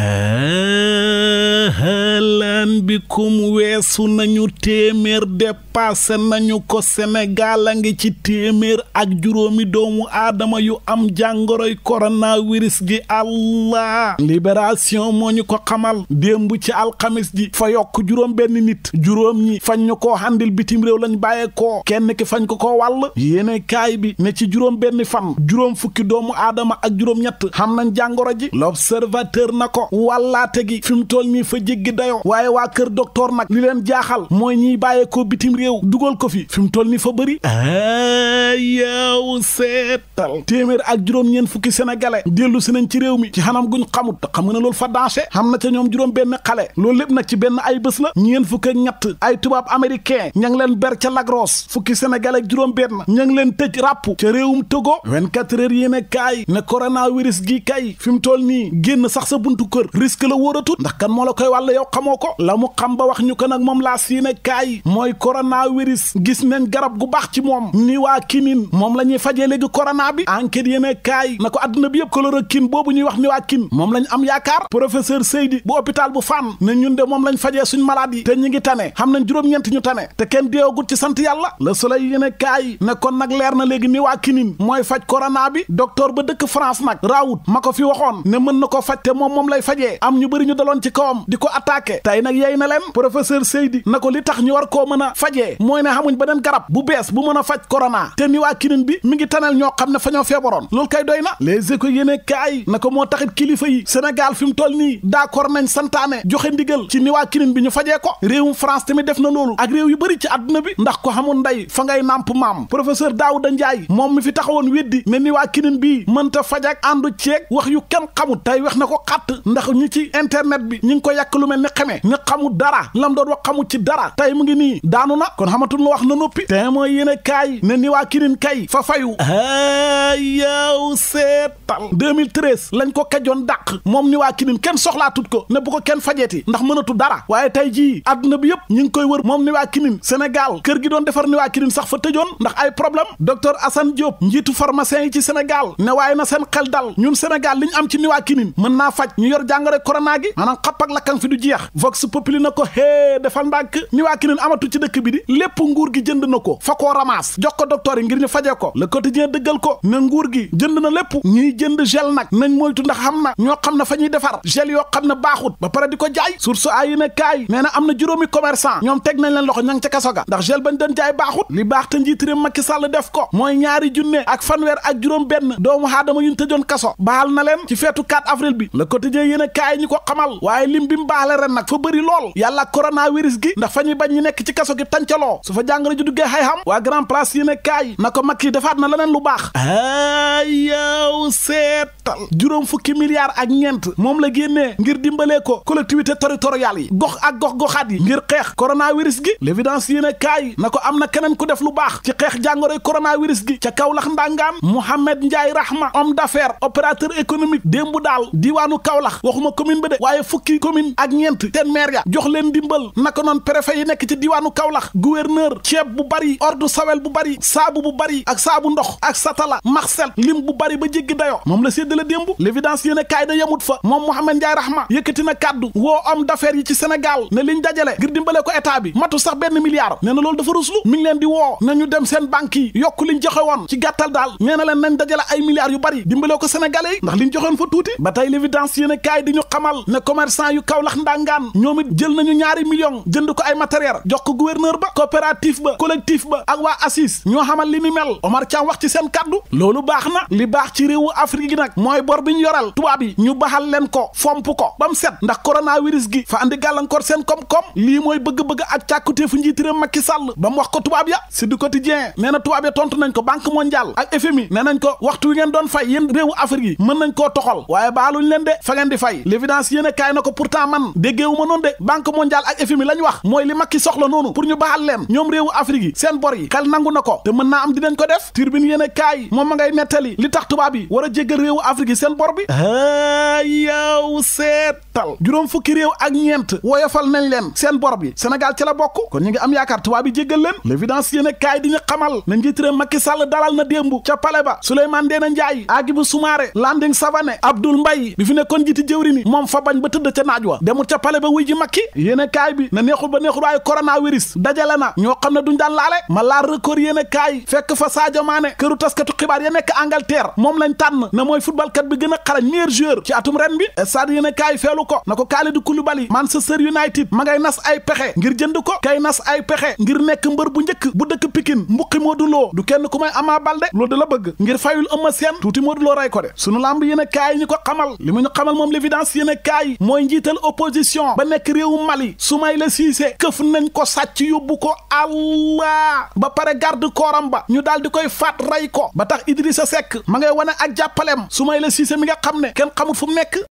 Uh, bikum weesu nañu téeméer dépassé nañu ko Sénégal a ngi ci téeméer ak juróomi doomu aadama yu am jàngoroy coronavirus gi allah libération mooñu ko xamal démb ci alxamis ji fa yokk juróom benn nit juróom ñi fañ ñu koo handil bitim réew lañ bàyyeekoo kenn ki fañ ko ko wàll yéene kaay bi ne ci juróom benn fan juróom fukki doomu aadama ak juróom ñett xam nañ jàngoro ji l'observateur na ko wàllaate gi fi mu toll nii fa jéggi dayo waaye waa kër docteur nag li leen jaaxal mooy ñii bàyyeekoo bitim réew dugal ko fi fi mu toll ni fa bëri a yow seetal téeméer ak juróom ñeen fukki sénégalais dellu si nañ ci réew mi ci xanam guñ xamut te xam nga ne loolu fa dansé xam na ca ñoom juróom benn xale loolu lépp nag ci benn ay bés la ñeent fukk ak ñett ay tubaab américain ña ngi leen ber ca Lagos fukki sénégalais ak juróom benn ña ngi leen tëj ràpp ca réewum Togo 24 heures yéene kaay ne coronavirus gi kay fi mu toll nii génn sax sa buntu kër risque la wóoratut ndax kan moo la koy yow xamoo ko la mu xam ba wax ñu ko nag moom laa laas yéene kaay mooy coronavirus gis nañ garab gu baax ci moom ni waa kinin moom la ñuy fajee léegi corona bi enquête yéene kaay na ko adduna bi yëpp chloroquine boobu ñuy wax ni waa kin moom lañ am yaakaar professeur Seydi bu hôpital bu Fann ne ñun de moom lañ fajee suñ malade yi te ñu ngi tane xam nañ juróom-ñeent ñu tane te kenn deewagut ci sant yàlla le soleil yéene kaay ne kon nag leer na léegi ni waa kinin mooy faj corona bi docteur ba dëkk France nag raawut ma ko fi waxoon ne mën na ko faj moom moom lay fajee am ñu bëri ñu daloon ci kawam di ko attaqué tey nag yey na leen professeur Seydi na ko li tax ñu war koo mën a faje mooy ne xamuñ beneen garab bu bees bu mën a faj korona te ni waa kinin bi mi ngi tanal ñoo xam ne fañoo ñoo feebaroon loolu kay doy na les éco yéene kaay na ko moo taxit kilifa yi Sénégal fi mu toll nii d'accord nañ santaane joxe ndigal ci ni waa kinin bi ñu fajee ko réewum France tamit def na loolu ak réew yu bëri ci àdduna bi ndax ko xamul nday fa ngay nàmp maam professeur Daouda Ndiaye moom mi fi taxawoon weddi ne ni waa kinin bii mënta faj ak àndu ceeg wax yu kenn xamul tey wax na ko xàtt ndax ñi ci internet bi ñi ngi ko yàq lu mel ni xeme xamul dara lam doon wax xamul ci dara tey mu ngi nii daanu na kon xamatul wax na noppi te mooy yéene kaay ne ni waa kirin kay fa fayu ayaw seetal 2013 lañ ko kajoon dàq moom ni waa kirin kenn soxlaatut ko ne bu ko kenn fajeeti ndax mënatu dara waaye tey jii àdduna bi yëpp ñu ngi koy wër moom ni waa kirin Sénégal kër gi doon defar ni waa kirin sax fa tëjoon ndax ay problème docteur Assane Diop njiitu pharmacien yi ci Sénégal ne waaye na seen xel dal ñun Sénégal li am ci ni waa kirin mën naa faj ñu yor jàngoro corona gi maanaam xapp ak lakkang fi du populi na ko hee defal ndànk ni waa Kineen amatu ci dëkk bi di lépp nguur gi jënd na ko fa koo ramaas jox ko docteur yi ngir ñu faje ko la le quotidien dëggal ko ne nguur gi jënd na lépp ñuy jënd gel nag nañ moytu ndax xam na ñoo xam ne fa ñuy defar gel yoo xam ne baaxut ba pare di ko jaay source a yi ne kaay nee na am na juróomi commerçant ñoom teg nañ leen loxo ña ngi ca kaso ga ndax gel bañ den jaay baaxut li baax te njiit réew Macky Sall def ko mooy ñaari ak fanweer ak juróom benn doomu aadama yuñ tëjoon kaso baal na leen ci feetu 4 bi le quotidien yéen a kaay ñi ko xamal waaye lim bi lool yàlla coronavirus gi ndax fa ñuy bañ ñu nekk ci kaso gi tàncaloo su fa jàngoro ji duggee xay xam waa grand place yéen kaay na ko Macky defaat na leneen lu baax ayaw seetal juróom fukki milliards ak ñeent moom la génnee ngir dimbalee ko collectivité territoriales yi gox ak gox goxaat yi ngir xeex coronavirus gi l'évidence yéen kaay na ko am na keneen ku def lu baax ci xeex jàngoroy coronavirus gi ca Kaolack ndangaan Mohamed Ndiaye Rahma homme d'affaires opérateur économique démbu daal diiwaanu Kaolack waxuma commune ba de waaye fukki commune ak ñeent ten ya jox leen dimbal naka noon préfet yi nekk ci diwaanu Kaolack gouverneur ceeb bu bari ordre sawel bu bari saabu bu bari ak saabu ndox ak satala maxsel lim bu bari ba jéggi dayo moom la séddale démb l'évidence yéen a kaay da yemut fa moom Mouhamed Ndiaye Rahma yëkkati na kàddu woo homme d'affaires yi ci Sénégal ne liñ dajale ngir dimbale ko état bi matu sax benn milliard nee na loolu dafa ruslu mi leen di woo na ñu dem seen banque yi yokk liñ joxe woon ci gàttal daal nee na yu bari dimbale ko Sénégalais yi ndax liñ joxe woon a kaay di ñu xamal ne yu Kaolack ndangaan ñoom it jël nañu ñaari million jënd ko ay matériel jox ko gouverneur ba coopératif ba collectif ba ak wa assis ño xamal li ni mel Omar Thiam wax ci seen kaddu loolu baax na li baax ci réewu Afrique gi nag mooy bor biñ yoral tuba bi ñu baxal leen ko fomp ko bam set ndax coronavirus gi fa andi galang seen kom kom li mooy bëgg-bëgg ak càkkutee fu njiit réew Macky Sall bam wax ko tubaab ya si du quotidien nee tuba bi ya tontu nañ ko banque mondiale ak FMI nee ko waxtu wi ngeen doon fay yeen réewu Afrique yi mën nañ ko toxal waaye baaluñ leen de fa ngeen di fay l'évidence yene kay nako pourtant man non de banque mondiale ak FMI lañ wax mooy li Macky soxla noonu pour ñu baxal leen ñoom réewu Afrique yi seen bor yi xel nangu na ko te mën naa am dinañ ko def turbine yéen a kaay moom ma ngay nettali li tax tubaab yi war a jéggal réewu Afrique seen bor bi a yow seetal juróom fukki réew ak ñeent woyofal nañ leen seen bor bi Sénégal ci la bokk kon ñu ngi am yaakaar tubaab yi jéggal leen l'évidence yéen a kaay di ñu xamal na njiit réew Macky Sall dalal na démbu ca pale ba Souleymane Ndéné Ndiaye Hadjibou Soumaré Landing Savané Abdoul Mbaye bi fi nekkoon jiiti jëwri ni moom fa ba tëdd naaj wa demul ca pale ba wuy ji Macky yéen a kaay bi na neexul ba neexul waaye coronavirus dajale na ñoo xam ne duñ daan laale ma laa record yéen a kaay fekk fa Sadio Mané këru taskatu xibaar ya nekk Angleterre moom lañ tànn na mooy footballkat bi gën a xarañ meilleur joueur ci atum ren bi stade yéen a kaay feelu ko na ko Kalidou Koulibaly Manchester United ma ngay nas ay pexe ngir jënd ko kay nas ay pexe ngir nekk mbër bu njëkk bu dëkk Pikine mbuqi Modou Lo du kenn ku may Ama Baldé loolu da la bëgg ngir fayul Eumeu Sène tuuti Modou Lo ray ko de sunu lamb yéen a kaay ba nekk réew Mali la Cissé këf nañ ko sàcc yóbbu ko Allah ba pare garde kooram ba ñu daal di koy faat rey ko ba tax Idrissa Seck ma ngay wane ak jàppaleem la Cissé mi nga xam ne kenn xamul fu mu nekk